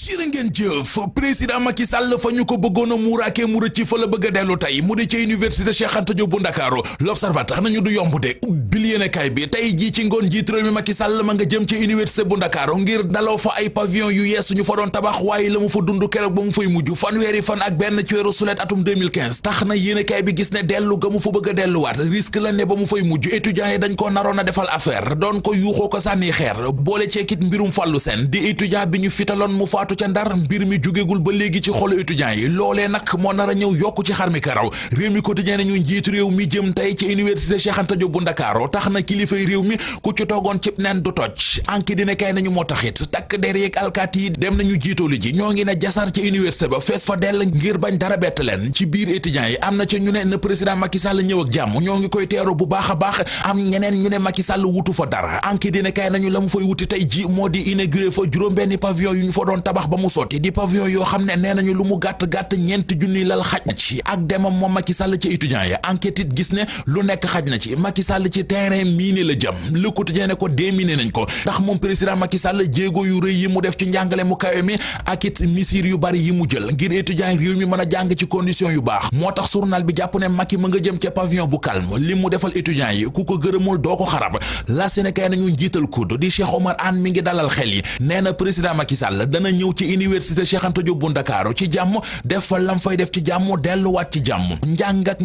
jërë ngeen jëf président Macky Sall fa ñu ko bëggoon a muuraakee mu rëcc fo la bëgg a dellu tey mu di ci université Cheikh Anta Diop bu Ndakaaru l'observateur nañu du yomb de ubbil yéenekaay bi tey jii ci ngoon jiit réew mi Macky Sall ma nga jëm ci université bu Ndakaaru ngir daloo fa ay pavillon yu yees ñu fa doon tabax waaye la mu fa dund keroog ba mu fay mujj fanweeri fan ak benn ci weeru sulet atum 2015 tax na yéenekaay bi gis ne dellu ga mu fa bëgg a delluwaat risque la ne ba mu fay mujj étudiants yi dañ ko naroon a defal affaire doon ko yuuxoo ko sànni xeer boole ceekit mbirum fallu seen di étudiant bi ñu fitaloon mu faatu ca ndar mbir mi jugegul ba léegi ci xolu étudiants yi loolee nag moo nar a ñëw yokk ci xar mi karaw réew mi quotidien ñu njiitu réew mi jëm tey ci université Cheikh Anta Diop bu defaru tax na kilifay réew mi ku ci toogoon cib neen du toj anki dina kay nañu moo taxit takk der yeeg alkaati yi dem nañu jiitalu ji ñoo ngi ne jasar ci université ba fees fa dell ngir bañ dara bett leen ci biir étudiants yi am na ca ñu ne na président Macky Sall ñëw ak jàmm ñoo ngi koy teeru bu baax a baax am ñeneen ñu ne Macky Sall wutu fa dara anki dina kay nañu la mu fay wuti tey ji moo di inauguré fa juróom-benni pavillon yu ñu fa doon tabax ba mu sotti di pavillon yoo xam ne nee nañu lu mu gàtt gàtt ñeenti junniy lal xaj na ci ak demam moom Macky Sall ci étudiants yi enquête it gis ne lu nekk xaj na ci Macky Sall ci terrain miine la jëm Le Quotidien ne ko déminé nañ ko ndax moom président Macky Sall jéego yu rëy yi mu def ci njàngale mu kawe mi ak it misir yu bari yi mu jël ngir étudiant réew mi mën a jàng ci condition yu baax moo tax journal bi jàpp ne Macky ma nga jëm ca pavillon bu calme li mu defal étudiant yi ku ko gërëmul doo ko xarab la Sénégal nañu njiital kudd di Cheikh Omar Anne mi ngi dalal xel yi nee na président Macky Sall dana ñëw ci université Cheikh Anta bu Ndakaaru ci jàmm def fa lam fay def ci jàmm delluwaat ci jàmm njàng ak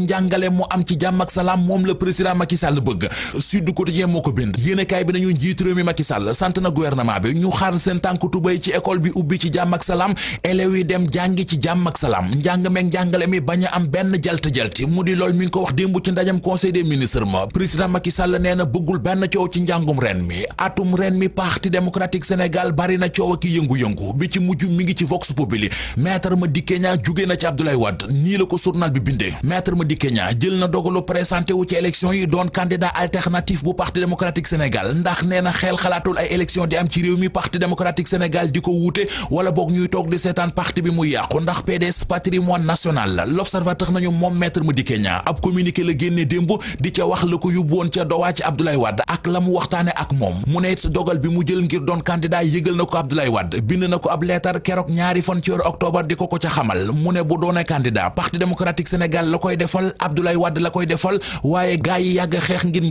mu am ci jàmm ak moom la président Macky Sall bëgg Sud Quotidien moo ko bind yéenekaay bi nañu njiitu réew mi Macky Sall sant na gouvernement bi ñu xaar seen tànk tubéy ci école bi ubbi ci jàmm ak salaam élèves yi dem jàngi ci jàmm ak salaam njàng meeg njàngale mi bañ a am benn jalt-jalti mu di lool mi ngi ko wax démb ci ndajam conseil des ministres ma président Macky Sall nee na bëggul benn coow ci njàngum ren mi atum ren mi parti démocratique Sénégal bari coow ak yëngu-yëngu bi ci mujj mi ngi ci vox populi maître Madické Niang jugee na ci Abdoulaye Wade nii la ko journal bi bindee maître na dogalu présenté wu ci élection yi doon candidat alternative bu parti démocratique Sénégal ndax nee na xalaatul ay élection di am ci réew mi parti démocratique Sénégal di ko wuute wala boog ñuy toog di seetaan parti bi mu yàqu ndax PDS patrimoine national la l'observateur nañu moom maître Madické Niang ab communiqué la génne démb di ca wax la ko yóbbu woon ca dowaa ci Abdoulaye Wade ak la mu waxtaane ak moom mu ne dogal bi mu jël ngir doon candidat yëgal na ko Abdoulaye Wade bind na ko ab leetar keroog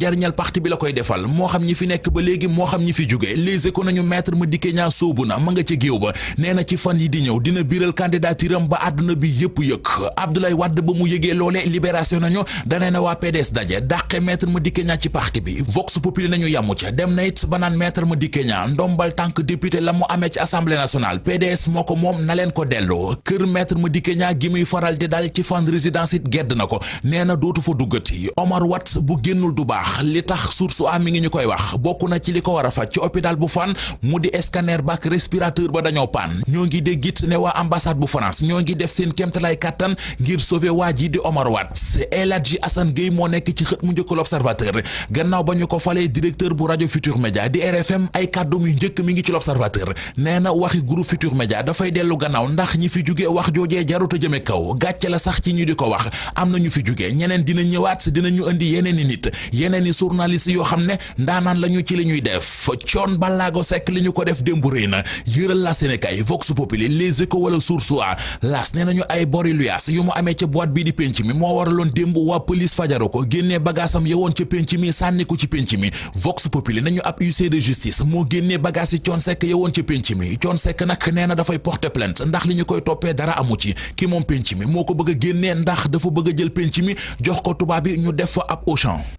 njariñal parti bi la koy defal moo xam ñi fi nekk ba léegi moo xam ñi fi jóge Les Échos nañu maître Madické Niang soobu na ma nga ca géew ba nee na ci fan yi di ñëw dina biiral candidature am ba àdduna bi yëpp yëg Abdoulaye Wade ba mu yëgee loole libération nañu danee na waa PDS daje dàqe ma Madické Niang ci parti bi Vox Populi nañu yamu ca dem na it ba naan maître Madické Niang ndombal tànk député la mu amee ci assemblée nationale PDS moo ko moom na leen ko delloo kër maître Madické Niang gi faral di dal ci fan résidence it gedd na ko nee na dootu fa duggati Omar Wat bu génnul du baax wax li tax su am mi ngi ñu koy wax bokk na ci li ko war a faj ci hôpital bu fan mu di scanner bak respirateur ba dañoo paan ñoo ngi dégg it ne waa ambassade bu France ñoo ngi def seen kéemtalaay kàttan ngir sauver waa ji di Omar Watt El Hadji Assane moo nekk ci xët mu njëkkal observateur gannaaw ba ñu ko falee directeur bu rajo Futur Média di RFM ay kàddum yu njëkk mi ngi ci l'observateur nee na waxi groupe Futur Média dafay dellu gannaaw ndax ñi fi jugee wax joojee jaruta jëme kaw gàcce la sax ci ñu di ko wax am na ñu fi jugee ñeneen dina ñëwaat dina indi yeneen i yeneen yenn journaliste yoo xam ne ndaanaan la ñu ci li ñuy def coon balaago sekk li ñu ko def démb rëy na yëral la Sénégal Vox Populi Les Échos wala Source A las nee nañu ay bori luyaas yu mu amee ca boîte bii di penc mi moo waraloon démb waa police fajaro ko génnee bagaasam yowoon ca penc mi sànni ko ci penc mi Vox Populi nañu ab huissier de justice moo génnee bagaas yi coon sekk yowoon ca penc mi coon sekk nag nee na dafay porter plainte ndax li ñu koy toppee dara amu ci ki moom penc mi moo ko bëgg génnee ndax dafa bëgg a jël penc mi jox ko tubaab bi ñu def fa ab Auchan